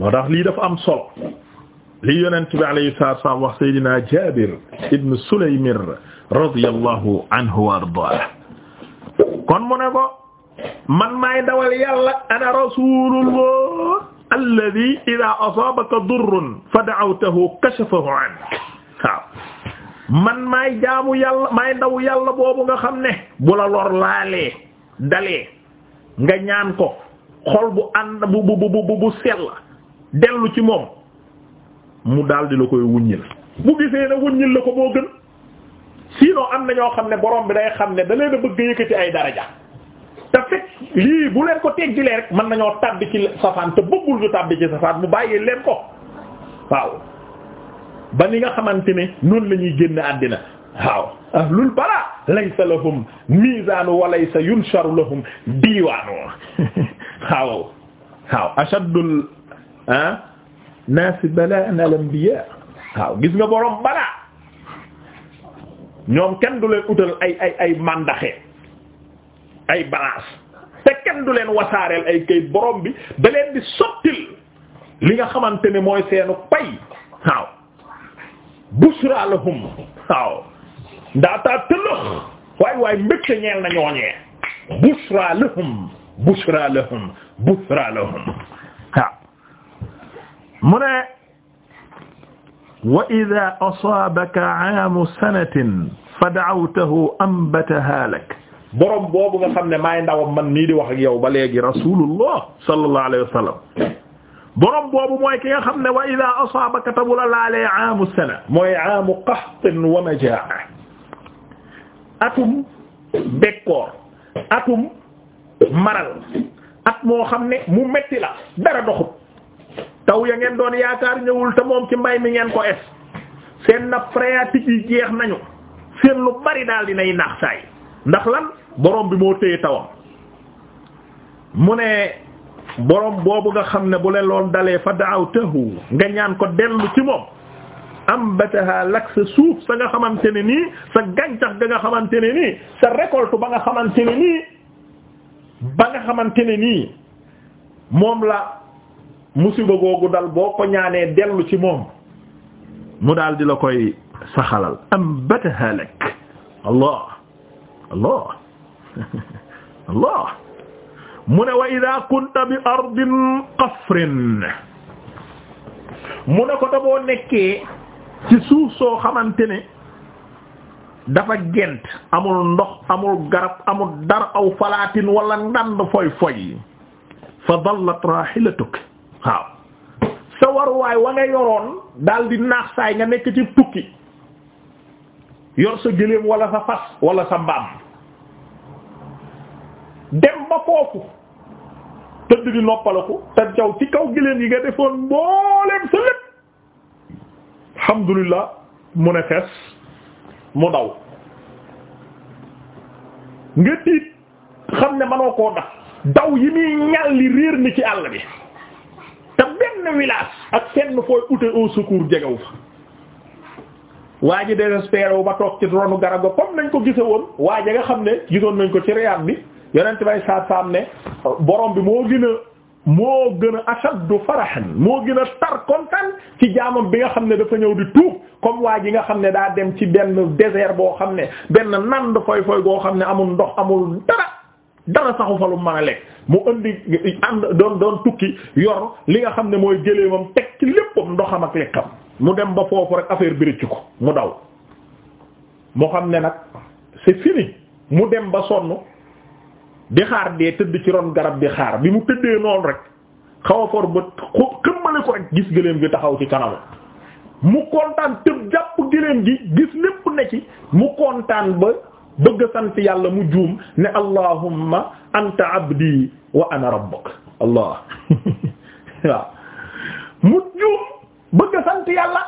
moo tax lii dafa am solo lii yonent bi alayhi salaatu wasallam wax Seydina Jaabir ibn Sulaymir radiyallahu anhu wa ardaah kon mu ne ko man maay dawal yàlla ana rasulullah alladhi idha asabaka durrun fa da'awtahu kashafahu anka waaw man maay jaamu yàlla maay daw yàlla boobu nga xam ne bu la lor laalee dalee nga ñaan ko xol bu ànd bu bu bu bu sell dellu ci moom mu daldi la koy wuññil bu gisee ne wuññil la ko boo gën sinon am na ñoo xam ne borom bi day xam ne da leen a bëgg yëkkati ay daraja te fekk lii bu leen ko teggilee rek mën nañoo tàbbi ci safaan te bëggul ñu tàbbi ci safaan mu bàyyi leen ko waaw ba ni nga xamante ne noonu lañuy génn àddina waaw ahlul bara laysa lahum mizaanu wa laysa yunsharu lahum diiwaanu waaw waaw ashaddul ah naasi balaa na al-anbiyaa waaw gis nga borom balaa ñoom kenn du leen utal ay ay ay mandaxe ay balance te kenn du leen wasaareel ay kay borom bi da leen di sottil li nga xamante ne mooy seenu pay waaw bushra lahum waaw ndaataa tëlëx waay waay mbégte ñeel na ñooñee bushra lahum bushra lahum bushra waaw mu ne wa ida asaabaka aamu sanatin fa da'awtahu ambataha lak borom boobu nga xam ne maay ndawam man nii di wax ak yow ba léegi rasulullah sallallahu alayhi wa sallam borom boobu mooy ki nga xam ne wa ida asaabaka tabula laalee aamu sana mooy aamu qahtin wa majaa atum bekkoor atum maral at moo xam ne mu metti la dara doxut taw yaa ngeen doon yaakaar ñëwul te moom ci mbay mi ngeen ko es seen nappe yi jeex nañu seen lu bari daal dinay naax saay ndax lan borom bi moo téye tawam mu ne borom boobu nga xam ne bu leen lool dalee fa daaw tëhu nga ñaan ko dellu ci moom am bataha lak sa suuf sa nga xamante ne nii sa gàncax ga nga xamante ne nii sa récolte ba nga xamante ne nii ba nga xamante nii moom la musiba googu dal boo ko ñaanee dellu ci moom mu daal di la koy saxalal am bataha lak allah allah allah mu ne wa ida kunta bi ardin qafrin mu ne ko da boo nekkee ci suuf soo xamante ne dafa gent amul ndox amul garab amul dara aw falaatin wala ndand foy foy fa dallat rahilatuk waaw sa waruwaay wa nga yoroon daal di naax saay nga nekk ci tukki yor sa gëléem walla sa fas wala sa mbaam dem ba foofu tëdd di noppalaku te jaw ci kaw gëléem yi nga defoon mbooleem sa lépp alhamdulillah mu ne fees mu daw xam ne manoo koo dax daw yi muy ñal li réer ni ci àll bi te benn village ak fenn fooy ute au secours jegew fa waa ji désespéré wu ba toog ci ronu garab ga comme nañ ko gise woon waa ji nga xam ne gisoon nañ ko ci riyaat bi yonent bay saat saam ne borom bi moo gën a moo gën a ashaddu farahan moo gën a tar kontaan ci jaamam bi nga xam ne dafa ñëw di tuub comme waa ji nga xam ne daa dem ci benn désert boo xam ne benn nand foy foy goo xam ne amul ndox amul dara dara saxu fa lu mën a lekk mu indi ànd doon doon tukki yor li nga xam ne mooy gëléemam teg ci léppam ndoxam ak lekkam mu dem ba foofu rek affaire bi rëcc ko mu daw mu xam ne nag c'est fini mu dem ba sonn di xaar dee tëdd ci ron garab di xaar bi mu tëddee noonu rek xaw a for ba xëmmale ko rek gis gëléem gi taxaw ci kanam mu kontaan tëb jàpp gëléem gi gis lépp ne ci mu kontaan ba bëgg sant yàlla mu juum ne allahumma anta abdi wa ana rabbuk allah waaw mu juum bëgg sant yàlla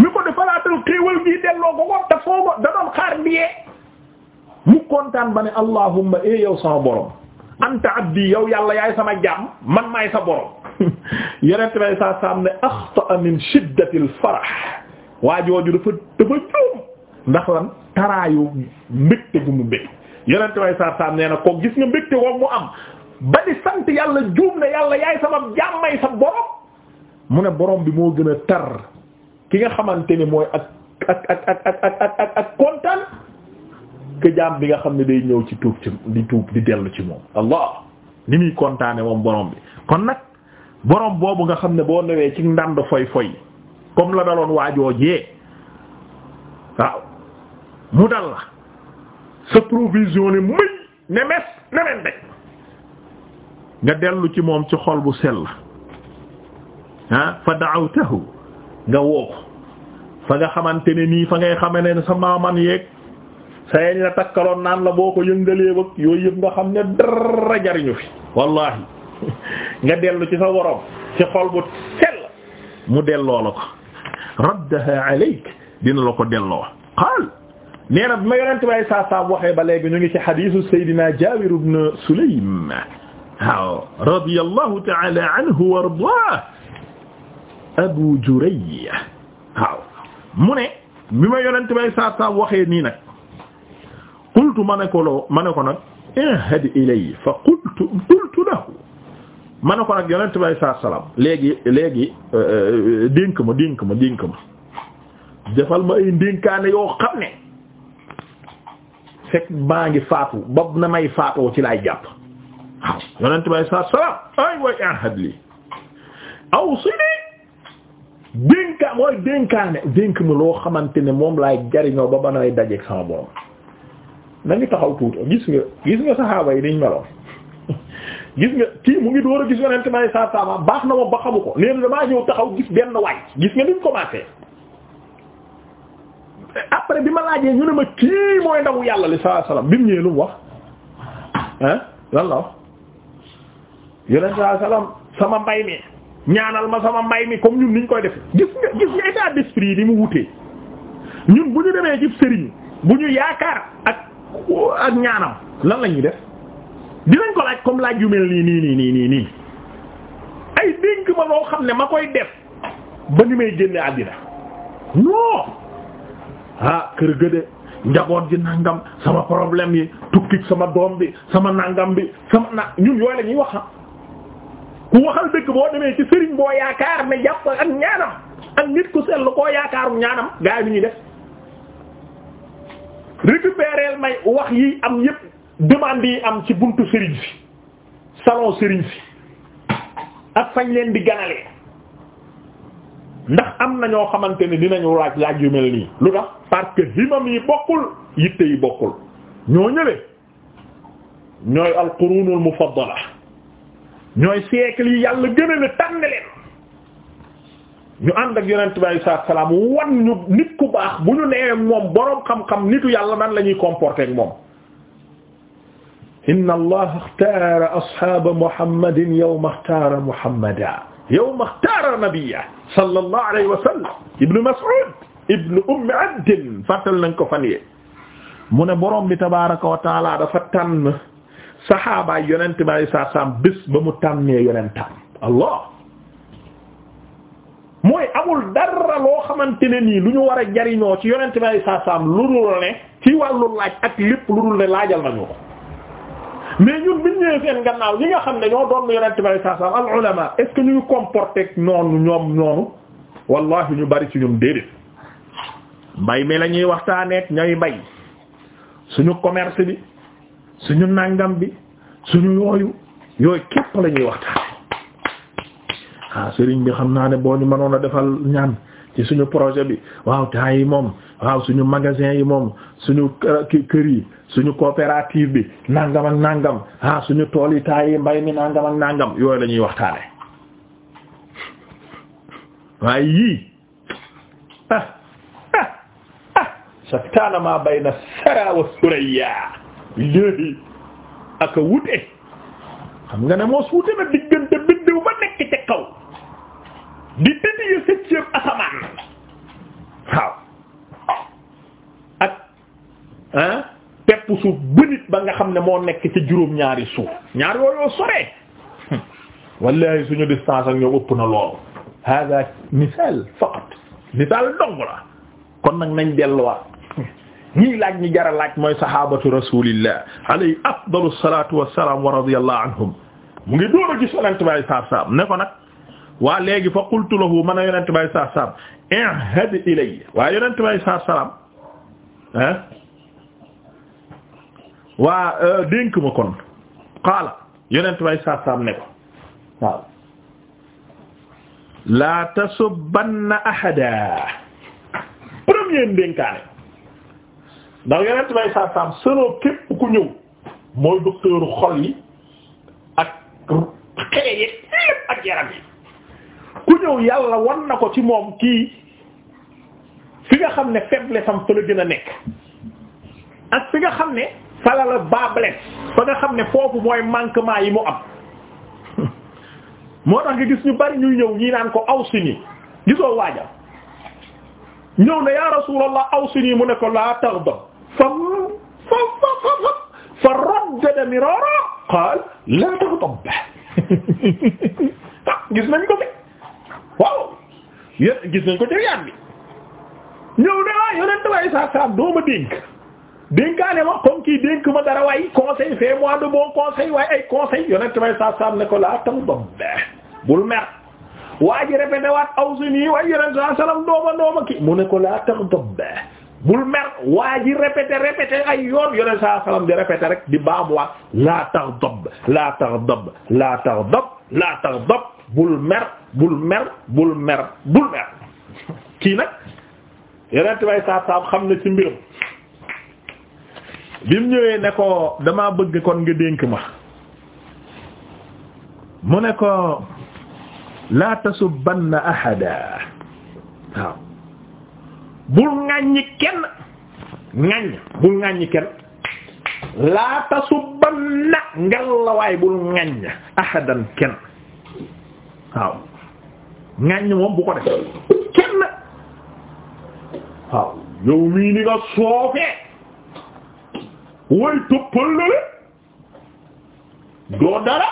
mi ko defalaatal xéewal gi delloo ko ko te foo xaar biyee mu kontaan ba ne allahumma e yow sama borom anta abdi yow yàlla yaay sama jaam man maay sa borom yenent bay saa saam ne axta min shiddati al farah dafa dafa juum ndax lan taraayu mbégte gu mu mbég yenente way sar sam nee na ko gis nga mbégte woowu mu am ba di sant yàlla juum ne yàlla yaay sama jàmmay sa borom mu ne borom bi moo gën a tar ki nga xamante ni mooy ak ak ak ak ak ak kontaan ke jaam bi nga xam ne day ñëw ci tuub ci di tuub di dellu ci moom allah ni muy kontaane moom boroom bi kon nag boroom boobu nga xam ne boo newee ci ndànd foy foy comme la daloon waajoojee waaw mu dal la sa provision ne mëy ne mes ne men de nga dellu ci moom ci xol bu sell ah fa da'awtahu nga woo fa nga xamante ne nii fa ngay xame ne sa maaman yeeg sayen la takkaloon naan la boo ko yëngalee bag yooyu nga xam ne dara jariñu fi wallahi nga dellu ci sa worom ci xol bu sell mu delloo la ko raddaha alayk dina la ko delloo qaal nee na bi ma yonent bay saa saa waxee ba léegi ñu ngi ci hadiisu Seydina Jaabir ibn Sulaym waaw radiyallahu ta'ala anhu wa ardaahu Abu Juray waaw mu ne bi ma yonent bay saa saa waxee nii nag qultu ma ne ko loo ma ne ko nag ihad ilay fa qultu qultu lahu ma ne ko nag yonent bay saa salaam léegi léegi euh, euh, dénk ma dénk ma dénk ma defal ma ay dénkaane yoo xam ne fekk maa ngi faatu ba na may faatoo ci laay jàpp waaw yonent bay saa salaam ay way ahad li aw si ni dénkaa mooy dénkaane dénk ma loo xamante ne moom laay jariñoo ba ba na may dajeek sama borom nañu taxaw tuuti gis nga gis nga saxaaba yi niñ meloon gis nga kii mu ngi door a gis yonent bay saa salaam baax na moom ba xamu ko neen damaa ñëw taxaw gis benn waay gis nga niñ commencé après bi ma laajee ñu ne ma kii mooy ndawu yàlla li sallallahu alayhi bi mu ñëwee lu mu wax ah lan la wax yeneen sallallahu alayhi sama mbay mi ñaanal ma sama mbay mi comme ñun niñ koy def gis nga gis nga état yi ni mu wutee ñun bu ñu demee ci sëriñ bu ñu yaakaar ak ak ñaanam lan la ñuy def dinañ ko laaj comme laaj yu nii nii nii nii nii nii ay dénk ma loo xam ne ma koy def ba ni may génne àddina non. ah kër ga de njaboot ji nangam sama problème yi tukkik sama doom bi sama nangam bi sama na ñun yooyu la ñuy wax ku waxal dëkk boo demee ci sëriñ boo yaakaar ne jàpp ak ñaanam ak nit ku sell koo yaakaarum ñaanam gaa yi bi ñuy def récupérer may wax yi am yépp demande yi am ci buntu sëriñ si salon sëriñ si ak fañ leen di ganalee ndax am na ñoo xamante ne dinañu laaj laaj yu mel nii lu tax parce himam yi bokkul yitte yi bokkul ñoo ñële ñooy al qurunul mufaddala ñooy siècle yi yàlla gën a la tànn leen ñu ànd ak yonent bi alayhi salaatu wan ñu nit ku baax bu ñu nee moom boroom xam-xam nitu yàlla nan la ñuy comporter ak moom inna allaha ixtaara ashaaba muhammadin yawma ixtaara yawma ixtaara nabiyya sallallahu alayhi wa sallam ibnu Mas'ud ibnu ummi abdin nañ ko fan yee mu ne borom bi tabaaraka wa dafa tànn saxaabaay yonent bi alayhi salaatu salaam bés ba mu tànnee yonentam Allah mooy amul dara loo xamante ne nii lu ñu war a jariñoo ci yonent bi alayhi salaatu salaam lu dul ne ci wàllu laaj ak lépp lu dul ne laajal nañu mais ñun biñ ñëwee seen gannaaw ñi nga xam ne ñoo doon yonent bi sallallahu alayhi wasallam al ulama est-ce que ñu ngi comporter noonu ñoom noonu wallahi ñu bari ci ñoom déedéet mbay mi lañuy ñuy waxtaaneek ñooy mbay suñu commerce bi suñu nàngam bi suñu yooyu yooyu képp la ñuy waxtaan ah sëriñ bi xam naa ne boo ñu mënoon a defal ñaan ci suñu projet bi waaw temps yi moom waaw suñu magasin yi moom suñu kër yi suñu coopérative bi nangam ak nangam ah suñu tool yi taay yi mbay mi nangam ak nangam yooyu lañuy waxtaane waaye yi ah ah ah shataana maa bayna sara wa suraya léegi aka wute xam nga ne moos wute na diggante biddiw ba nekk ca kaw di tëddi septième asamaan ah pepp suuf bënit ba nga xam ne moo nekk ci juróom-ñaari suuf ñaar yooyu sore wallahi suñu distance ak ñoo ëpp hada misaal faqat misaal dong kon nag nañ delluwaat ñii laaj ñi jara laaj mooy sahabatu rasulillah alayhi afdalu salatu wassalam wa radiyallahu anhum mu ngi dóor a gis yonente bay saab saab ne ko nag waa léegi fa qultu lahu man a yonente bay saab saab ihad ilayya waa yonente bay saab saab ah waa euh, dénk ma kon qaala yonent may saasaam ne ko waaw laa tasubanna ahada premier ndénkaane ndax yonent may saasaam selon képp ku ñëw mooy docteuru xol yi ak xele yi lépp ak yaram yi ku ñëw yàlla wan na ko ci moom kii fi nga xam ne faiblesse am fa la gën a nekk ak fi nga xam ne fala la bables ba nga xam ne foofu mooy manquement yi mu am moo tax nga gis ñu bari ñuy ñëw ñii naan ko aw si nii gisoo waajal ñëw ne ya rasulallah aw si nii mu ne ko laa taxdab fa fa fa fa fa raddada miraara qaal laa taxdab ah, gis nañ ko fi waaw yéen gis nañ ko ci yaan bi ñëw ne ah yonent way sa sa dooma dénk dénkaane ma comme kii dénk ma dara waay conseil fais moi de bon conseil waaye ay conseil yonent may sa sam ne ko laa tam dom be bul mer waa ji répété waat awsini waaye yonent sa salam dooma dooma ki mu ne ko laa tax dom be bul mer waa ji répété ay yoon yonent sa salam di répété rek di baamuwaat laa laa tax dob laa tax dob laa tax bul mer bul mer bul mer bul mer kii nag yonent may sa sam xam ne ci mbirum bi mu ñëwee ne ko damaa bëgg kon nga dénk ma mu ne ko laa tasubanna ahada waaw bul ŋàññi kenn ŋàññ bul ŋàññi kenn laa tasubanna ngelawaay bul ŋàññ ahadan kenn waaw ŋàññ moom bu ko def kenn waaw yow mii nga soofee way toppal la le doo dara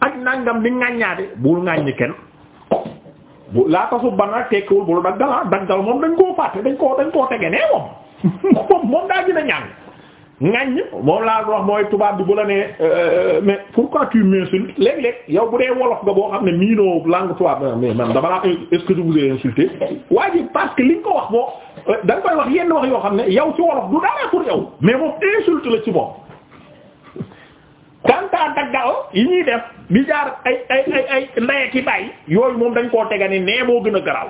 ak nangam di ŋàññaate bul ŋàññi kenn bu laa tasu banag tekkiwul bulu daggal ah daggal moom dañ koo fàtte dañ koo dañ koo tege nee moom moom daa gën a ñàng ŋàññ moom laa wax mooy tubaab bi bu la nee euh, euh, mais pourquoi tu m'insultes léeg-léeg yow bu dee wolof nga boo xam ne miinoo langue tubaab mais man dama laa est-ce que insulté waa ji parce que ko wax boo da koy wax yenn wax yoo xam ne yow ci wolof du dara pour yow mais moom insulte la ci moom kanta daggal yi ñuy def bi jaar ay ay ay ay ki bàyyi yooyu moom dañ koo tegani nee moo gën a garaaw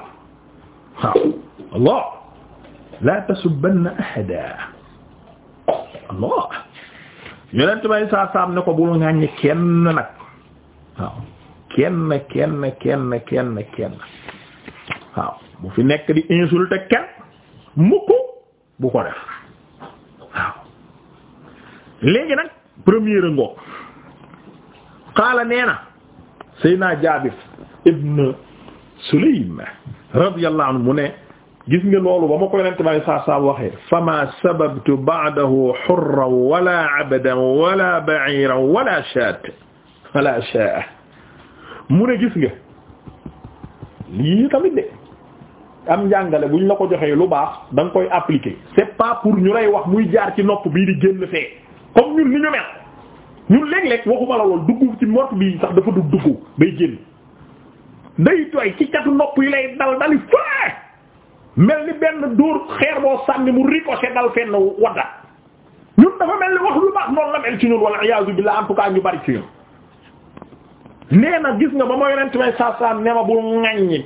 waaw Allah la tasubanna ahada Allah yonent bay saa saam ne ko bul ŋàññ kenn nag waaw kenn kenn kenn kenn kenn waaw bu fi nekk di insulter kenn mukk bu ko def waaw léegi nag premier ngoog qaala nee na Seydina Jaabir ibn Sulaym radiyallahu anhu mu ne gis nga loolu ba ma ko yonente bale saa saa waxee fama sababtu ba'dahu hurran wala abdan wala ba'iran wala shaat wala sha'a mu ne gis nga lii tamit de am njàngale bu ñu la ko joxee lu baax da koy appliquer c'est pas pour ñu lay wax muy jaar ci nopp bii di génn fee comme ñun ni ñu mel ñun léeg-léeg waxuma la lool dugg ci mott bi sax dafa dugg dugg day génn day tooy ci catu nopp yi lay dal dali fee mel ni benn dóor xeer boo sànni mu ricochet dal fenn wadda ñun dafa mel ni wax lu baax noonu la mel ci ñun wala iyaazu billah en ñu bari ci ñun nee na gis nga ba ma yonent may saa saa ne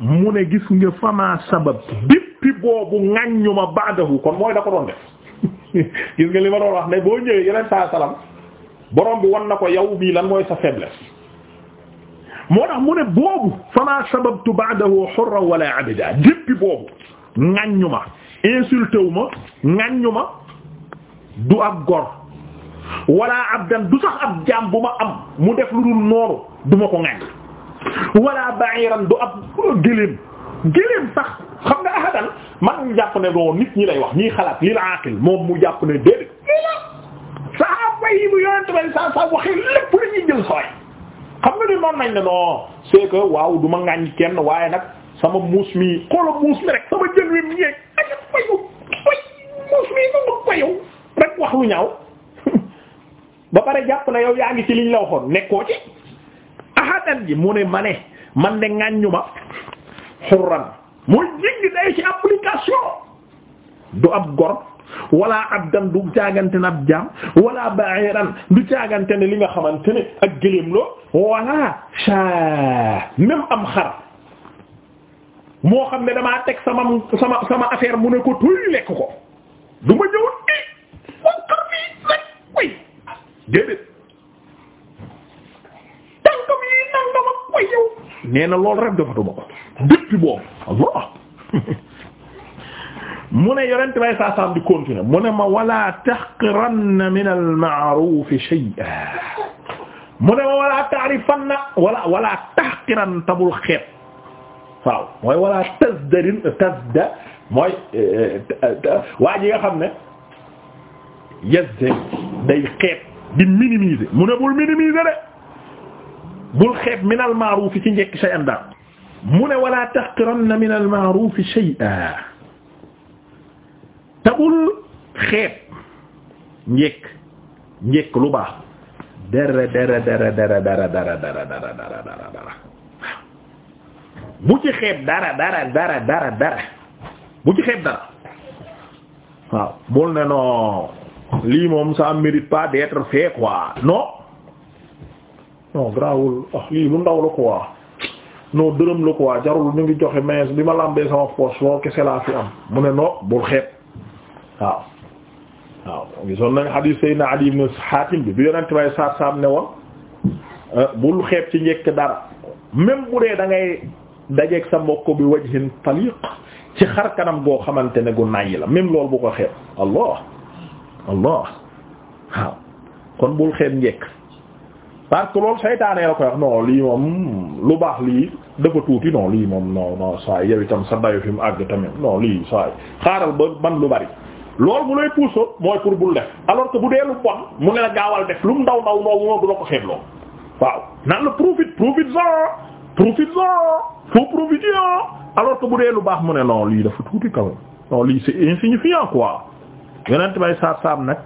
mu ne gis nga fama sabab dippi boobu ŋaññu ma ba'dahu kon mooy da ko doon def gis nga li ma doon wax ne boo ñëwee yeneen saa salaam borom bi wan na ko yow bii lan mooy sa faiblesse moo tax mu ne boobu fama sababtu ba'dahu hurran wala abda dippi boobu ŋaññu ma insulté wu ma ma du ab gor wala abdan du sax ab jaam bu ma am mu def lu dul noonu du ko ŋañ wala ba'iran du ab gëléem gëléem sax xam nga ahadan man jàpp ne doo nit ñi lay wax nii xalaat lil aqil moom mu jàpp ne déedéet saxaaba yi mu yonent bay sa sa waxee lépp la jël sooy xam nga ni noonu nañ ne non c'est que waaw du ma kenn waaye nag sama muus mi xoola muus mi rek sama jël wi mu ñeeg aja muus mi ma nga koyow rek wax lu ñaaw ba pare jàpp na yow yaa ngi ci liñ la waxoon nekkoo ci ahadan ji mu ne ma man de ŋàññuma xurran mooy jéggi day ci application du ab gor wala abdan du caagante ne ab jaam wala ba'iran du caagante ne li nga xamante ne ak gëléem loo wala sha même am xar moo xam ne damaa teg sama sama sama mu ne ko tuy lekk ko du ma ñëwut i fon xar mi rek koy déedéet way yow nee na loolu rek defatuma ko depuis boobu Allah mu ne yonent bay saa saam di continuer mu ne ma wala tahqiranna min al ma'ruf shay'a mu ne ma wala ta'rifanna wala wala tahqiran tabul xeet waaw mooy wala tasdarin tasda mooy eh, eh, waa ji nga xam ne yazde day xeet di minimiser mu ne bul minimiser bul xeeb min al ma'ruf njekk dara mu ne wala te bul xeeb njekk njekk lu baax dara dara dara dara dara dara dara bu ci xeeb dara bu ci xeeb dara waaw bul ne non lii moom ça mérite pas d'être non grawul ah, la quoi non dërëm la quoi ñu ngi joxe mais bi ma lambee sama am mu ne no bul xeet waaw waaw gisoon ne woon euh, bul xeet ci njëkk dara da ngay dajeeg sa mbokk bi wajhin taliq ci kanam goo xamante ne ko xeet allah allah waaw kon bul xeet njëkk parce que loolu saytaanee la koy wax lii moom lu baax lii dafa tuuti non lii moom non non saa yow sa dayo fi mu àgg tamit non lii saa xaaral ba man lu bari loolu bu lay puusoo mooy pour bul def alors que bu dee lu mu ne lu mu ndaw ndaw noo ko xeebloo waaw naan la profite bu dee lu baax mu ne non lii dafa tuuti quand même non lii c'est insignifiant quoi yonent bay saab saab nag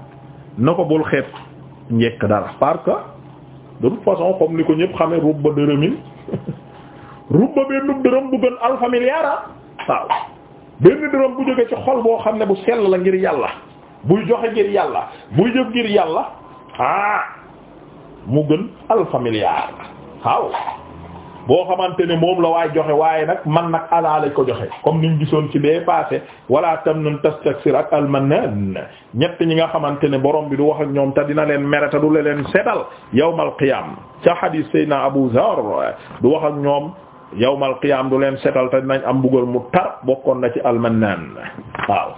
na ko bul xeeb njekk dara parce de toute façon comme ni ko ñëpp xamee rubba dërëmin rubba benn dërëm bu gën alfa milliard waaw benn dërëm bu jóge ci xol boo xam ne bu sell la ngir yàlla buy joxe ngir yàlla buy jëf ngir yàlla ah mu gën alfa milliard waaw boo xamante ne moom la waay joxe waaye nag man nag ala lañ ko joxe comme niñ gisoon ci bee passé wala tamnun tastaksir ak almanan ñett ñi nga xamante ne borom bi du wax ak ñoom te dina leen mere te du la leen setal yawmal qiyam ca hadith sayna Abu Zar du wax ak ñoom yawmal qiyam du leen setal te dinañ am buggal mu tar bokkoon na ci almanan waaw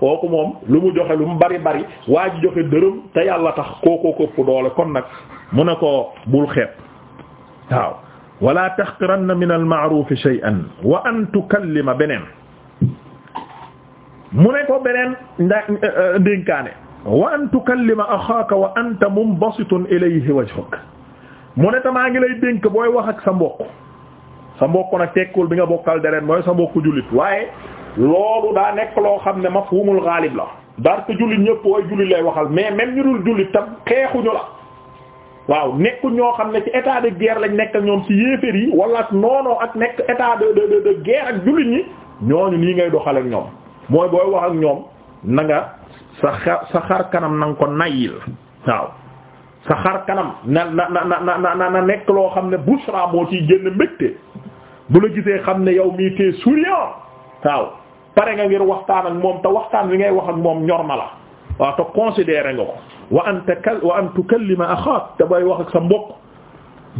kooku moom lu mu joxe lu mu bari bari waa ji joxe dërëm te yàlla tax kookoo këpp doole kon nag mu ne ko bul xeet wala taxqiranna min almaarufi shay'an wa an tukallima beneen mu ne ko beneen nda ndénkaane euh, wa an tukallima axaaka wa anta munbasitun ilayhi wajhuk mu ne tamaa ngi lay dénk booy wax ak sa mbokk sa mbokk nag tekkul bi nga bokkal deret mooy sa mbokk jullit waaye loolu daa nekk loo xam ne mafhumul ghalib la daar ko jullit ñëpp wooy jullit lay waxal mais même ñu dul jullit tam xeexuñu la waaw nekkul ñoo xam ne ci état de guerre lañ nekk ak ñoom ci yéeféer yi wala noonoo ak nekk état de de de guerre ak jullit ñi ñooñu nii ngay doxal ak ñoom mooy booy wax ak ñoom nanga nga sa xar sa xar kanam na nga ko nayil waaw sa xar kanam na na na na na nekk loo xam ne bu moo ciy génn mbégte bu la gisee xam ne yow mii tee souriant waaw pare nga ngir waxtaan ak moom te waxtaan wi ngay wax ak moom ñor ma la waaw te considéré nga ko wa an takal wa an tukallima axaak te bay wax ak sa mbokk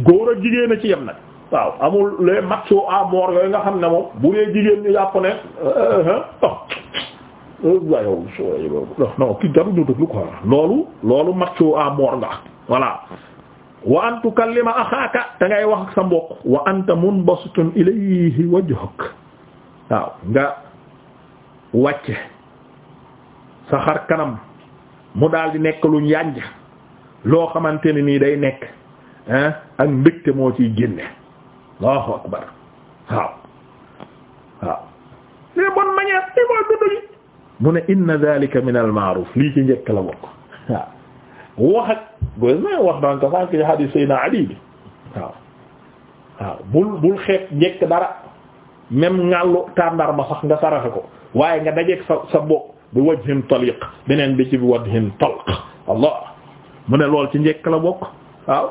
góor a jigéen ci yem nag waaw amul les macho à mort yooyu nga xam jigéen ñu yàpp euh, euh, euh, oh. loolu loolu macho à mort voilà wa an tukallima axaaka te ngay wax ak sa mbokk wa anta munbasitun ilayhi wajhuk waaw nga wàcce sa xar kanam mu daal di nekk lu yànj loo xamante ne nii day nekk ah ak mbégte moo ciy génne Allahu akbar waaw waaw les bonnes manières li mooy dundali mu ne inna dhalika min al lii ci njëkk la bokk waaw wax ak goy na wax daan ko sànk ci hadith sayna Ali bi waaw waaw bul bul xeet njëkk dara même ngàllu tàndarma sax nga saraxe ko waaye nga dajeeg sa sa bokk bi wajhin taliq beneen bi ci bi wajhin talq allah mu ne lool ci njekk la bokk waaw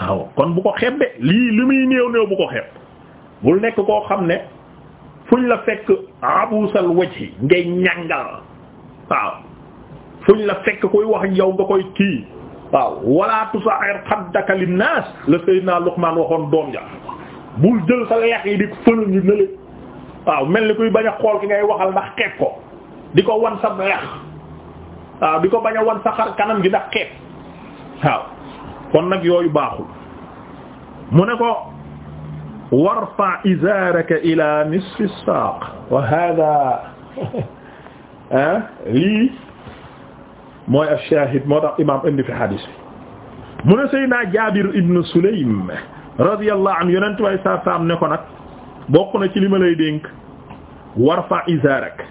waaw kon bu ko xeeb de lii li muy néew néew bu ko xeeb bul nekk koo xam ne fuñ la fekk abusal wajhi ngay ñàngal waaw fuñ la fekk koy wax yow nga koy kii waaw wala tusa'ir xaddaka linnaas la sayyidina Luqman waxoon doom ja bul jël sa leex yi di fël ñu ne waaw mel ni kuy bañ a xool ki ngay waxal ndax xeeb ko di ko wan sa di ko bañ a wan sa kanam gi ndax xeet waaw kon nag yooyu baaxul mu ne ko warfa izaraka ila nisfi saaq wa hada ah, mooy ash-shahid moo tax imam indi fi hadis bi mu ne Seydina Jaabir ibn Sulaym radiyallahu anhu yonent way sa saam ne ko nag bokk ci li lay dénk warfa izarak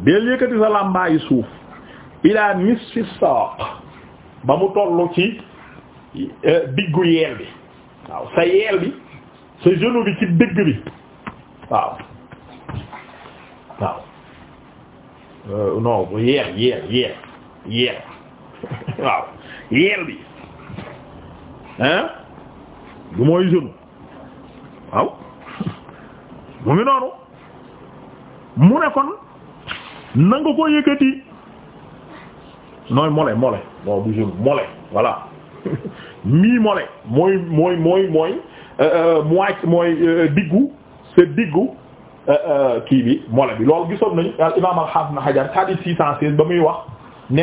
del yëkkati sa làmbaayu suuf ila nisfi saaq ba mu tollu ci euh, diggu yeel bi waaw sa yeel bi sa genou bi ci dëgg bi waaw waaw euh, non yeel yeel yeel waaw yeel bi hein du mooy genou waaw mu ngi noonu mu ne kon na nga ko yëkkati nooy mole mole non du jour mole voilà mii mole mooy mooy mooy mooy euh, euh, moic mooy euh, diggu sa diggu kii bi mole bi loolu gisoon nañu al imam al na Hajar hadith six cent seize ba muy wax ne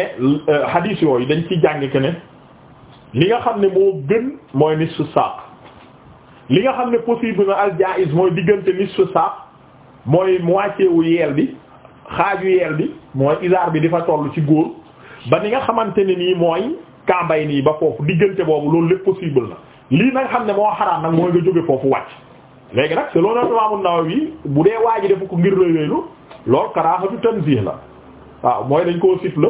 hadith yooyu dañ ci jàng ke ne li nga xam ne moo gën mooy nisfu saaq li nga xam ne possible na al jaiz mooy diggante nisfu saaq mooy moitié wu yeel bi xaaju yeel bi mooy isaar bi di fa toll ci góor ba ni nga xamante ne nii mooy kambay nii ba foofu diggante boobu loolu lépp possible na lii nag xam ne moo xaraam nag mooy nga jóge foofu wàcc léegi nag selon Imam An-Nawawi bu dee waa ji def ko ngir rëy rëylu loolu karaahatu tanzih la waaw mooy dañ koo sif la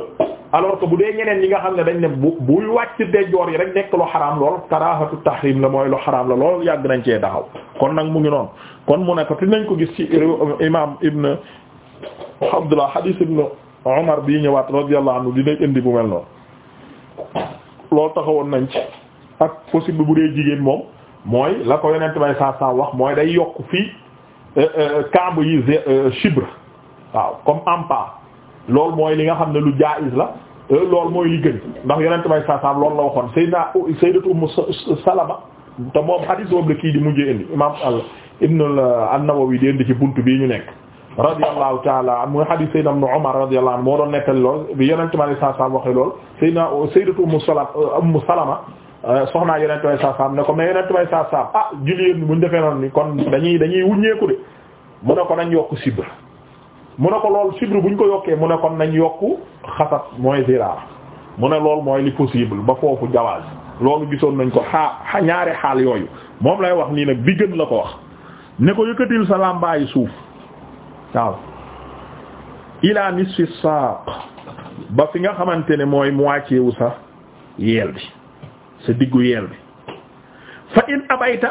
alors que bu dee ñeneen ñi nga xam ne dañ ne bu buy wàcc dejoor yi rek nekk lu xaraam lool karaahatu tahrim la mooy lu xaraam la loolu yàgg nañ cee taxaw kon nag mu ngi noonu kon mu ne nañ ko gis ci imam ibn alhamdulillah hadith ibn Umar bii ñëwaat radiyallahu anhu dina indi bu mel noonu loolu taxawoon nañ ci ak possible bu dee jigéen moom mooy la ko yonent bay saa saa wax mooy day yokk fii euh, euh, kamb yi euh, chibre waaw comme ampa loolu mooy li nga xam ne lu jaiz la loolu mooy li gën ndax yonent bay saa saa loolu la waxoon Sayyida Sayyidatu Ummu Salama te moom hadith boobu la kii di mujjee indi imam al Ibn an-Nawawi di indi ci bunt bii ñu nekk radiyallahu taala anhu mooy hadith Seydina Ibn Umar radiyallahu anhu moo doon nettali lool bi Yonent mi saa saa waxee lool Seydina Sayyidatu Ummu Salama Ummu Salama soxnaa Yonent mi saa saa ne ko mais Yonent mi saa saa ah julli yéen bu ñu defee noonu ni kon dañuy wuññeeku de mu ne ko nañ yokk sibr mu ne ko lool sibr bu ñu ko yokkee mu ne kon nañ yokk xasat mooy ziraar mu ne lool mooy li possible ba foofu jawaaz loolu gisoon nañ ko xaa ñaari xaal yooyu moom lay wax nii nag bi gën la ko wax ne ko yëkkatil suuf. waaw ila nisfi saaq ba fi nga xamante ne mooy moitié wu sa yeel bi sa diggu yeel bi fa in abayta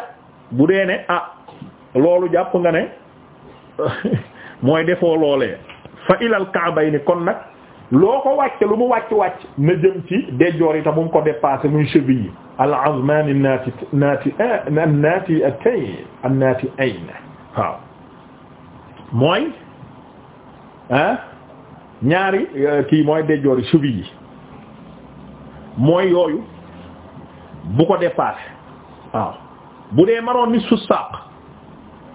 bu dee ne ah loolu jàpp nga ne mooy defoo loolee fa ilal ka'bayni kon nag loo ko wàcce lu mu wàcc wàcc na jëm ci déjjoor yi ta bu mu ko dépassé muy cheville yi al azmani naati naati eh, naati atay naati ayn waaw mooy ah ñaari euh, kii mooy déjjoori cheville yi mooy yooyu bu ko dépassé waaw bu dee manoon nisfu saaq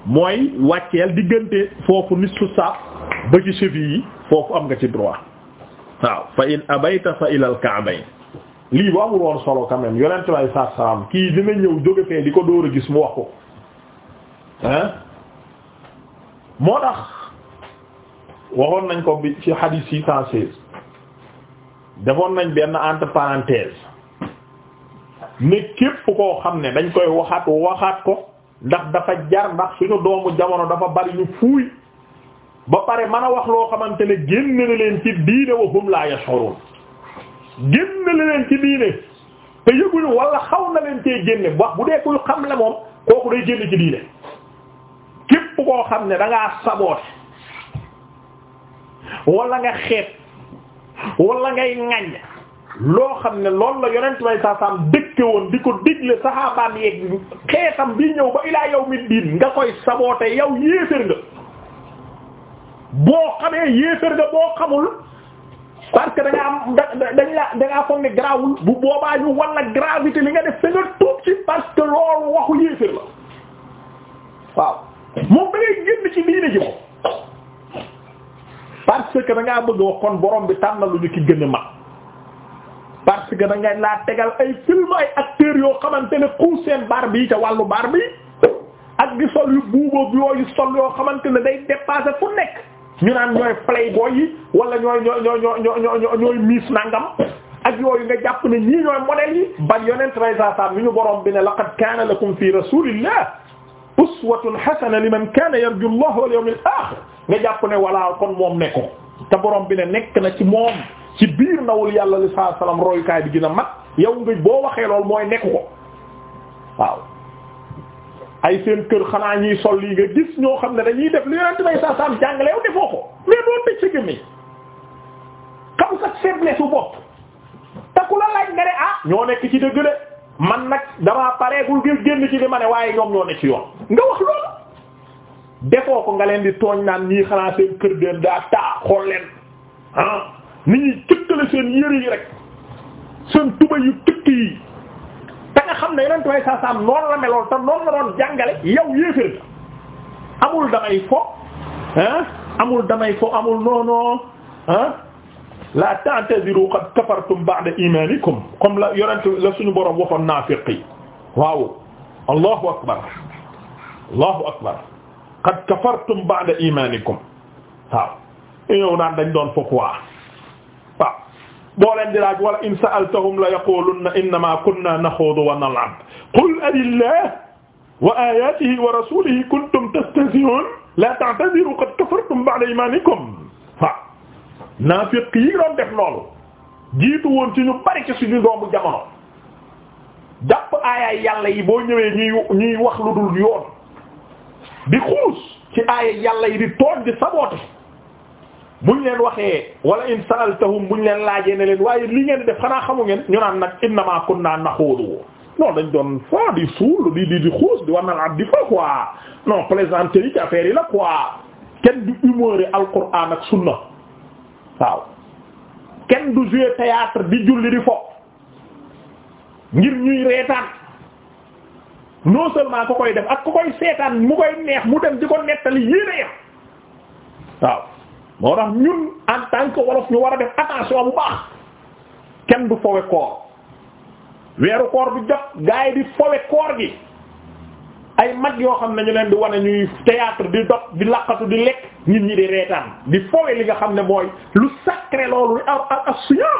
mooy wàcceel diggante foofu nisfu saaq ba ci cheville yi foofu am nga ci droit waaw fa in abayta fa ilal ka'bayn lii bu amul woon solo quand même yonent bi sallallahu alayhi wasallam kii dina ñëw jóge di ko dóor a gis mu wax ko moo tax waxoon nañ ko bi ci hadith six cent seize defoon nañ benn entre parenthèse ne képp koo xam ne dañ koy waxaat waxaat ko ndax dafa jar ndax suñu doomu jamono dafa bari ñu fuuy ba pare man a wax loo xamante ne génn na leen ci diine wa hum la yashurun génn na leen ci diine te yëguñu wala xaw na leen cee génne wax bu dee kuy xam ne moom kooku day génn ci diine koo xam ne da ngaa saboote wala nga xeet wala ngay ŋaññ loo xam ne loolu la yonent bay saa saam dëkke woon di ko digle saxaabaan yeeg xeetam bi ñëw ba ilaa yawmi diin nga koy saboote yow yéefér nga boo xamee yéefér nga boo xamul parce que da am dañ la da ngaa foog bu boobaa ñu walla gravité li nga def da tuub ci parce que loolu waxu yéefér la waaw moom da ngay génn ci diine ji moom parce que da ngaa bëgg borom bi tànn lu ñu ki gën a mag parce que da ngay laa tegal ay film ay acteurs yoo xamante ne xuus seen bar bi te wàllu bar bi ak di sol yu buuboob yooyu sol yoo xamante ne day dépassé fu nekk ñu naan ñooy playboy yi wala ñooy ñooy ñooy ñooy ñooy ak yooyu nga jàpp ne ñii ñooy modèles yi. ban yonent traçage bi ñu borom bi ne laqad kaana lakum fi rasulillah uswatun hasana liman kaana yarju Allah wal yawmil aaxir nga jàpp ne walla kon moom ne ko te borom bi ne nekk na ci moom ci biir ndawul yàlla li saa salaam royukaay bi gën a mat yow nga boo waxee lool mooy nekk ko waaw. ay seen kër xanaa ñuy sol lii nga gis ñoo xam ne dañuy def li yonent bay saa saam jàngale yow defoo ko mais doon tëj sa gémmiñ xam sa faiblesse su bopp te ku la laaj nga ne ah ñoo nekk ci dëgg de. man nag damaa pareegul ngir génn ci li ma ne waaye ñoom ñoo ne ci yoon nga wax loolu defoo ko nga leen di tooñ naan ñii xanaa seen kër deen daa taa xool leen ah nit ñuy cëkkale seen yëre yi rek seen tuba yu cëkk yi te nga xam ne yeneen way saa saam noonu la meloon te noonu la doon jàngale yow yéefér amul damay fo ah amul damay fo amul noono ah la ta'taziru qad kafartum ba'da imanikum comme la yonent la suñu borom waxoon naafiq yi waaw allahu akbar allahu akbar qad kafartum ba'da imanikum waaw ñëw naan dañ doon fokk waa waaw boo leen di laaj wala in sa'altahum la yaqulunna innama kunna naxuudu wa nal'ab qul abillahi wa ayatihi wa rasulihi kuntum tastahzi'un la ta'taziru qad kafartum ba'da imanikum waaw naafiq yi doon def loolu jiitu woon ci ñu bari ci suñu doomu jamono jàpp aayaay yàlla yi boo ñëwee ñuy ñuy wax lu dul yoon di xuus ci aayaay yàlla yi di tooñ di saboote buñ leen waxee wala in sa'altahum buñ leen laajee ne leen waaye li ngeen def xanaa xamu ngeen ñu naan nag innama kunna naxuudu non dañ doon fa di suul di di di xuus di war nal ab di fa quoi non plaisanterie ci affaire yi la quoi kenn du ak sunna waaw kenn du jouer théâtre di julli di fo ngir ñuy reetaan non seulement ko koy def ak ku koy seetaan mu koy neex mu dem di ko nettali yéene yam waaw moo tax ñun en tant que wolof ñu war a def attention bu baax kenn du fowe koor weeru koor bi jot gaay di fowe koor gi ay mag yoo xam ne ñu leen di wane ñuy théâtre di dox di laqatu di lekk nit ñi di reetaan di fowe li nga xam ne mooy lu sacré loolu ak ak ak suñu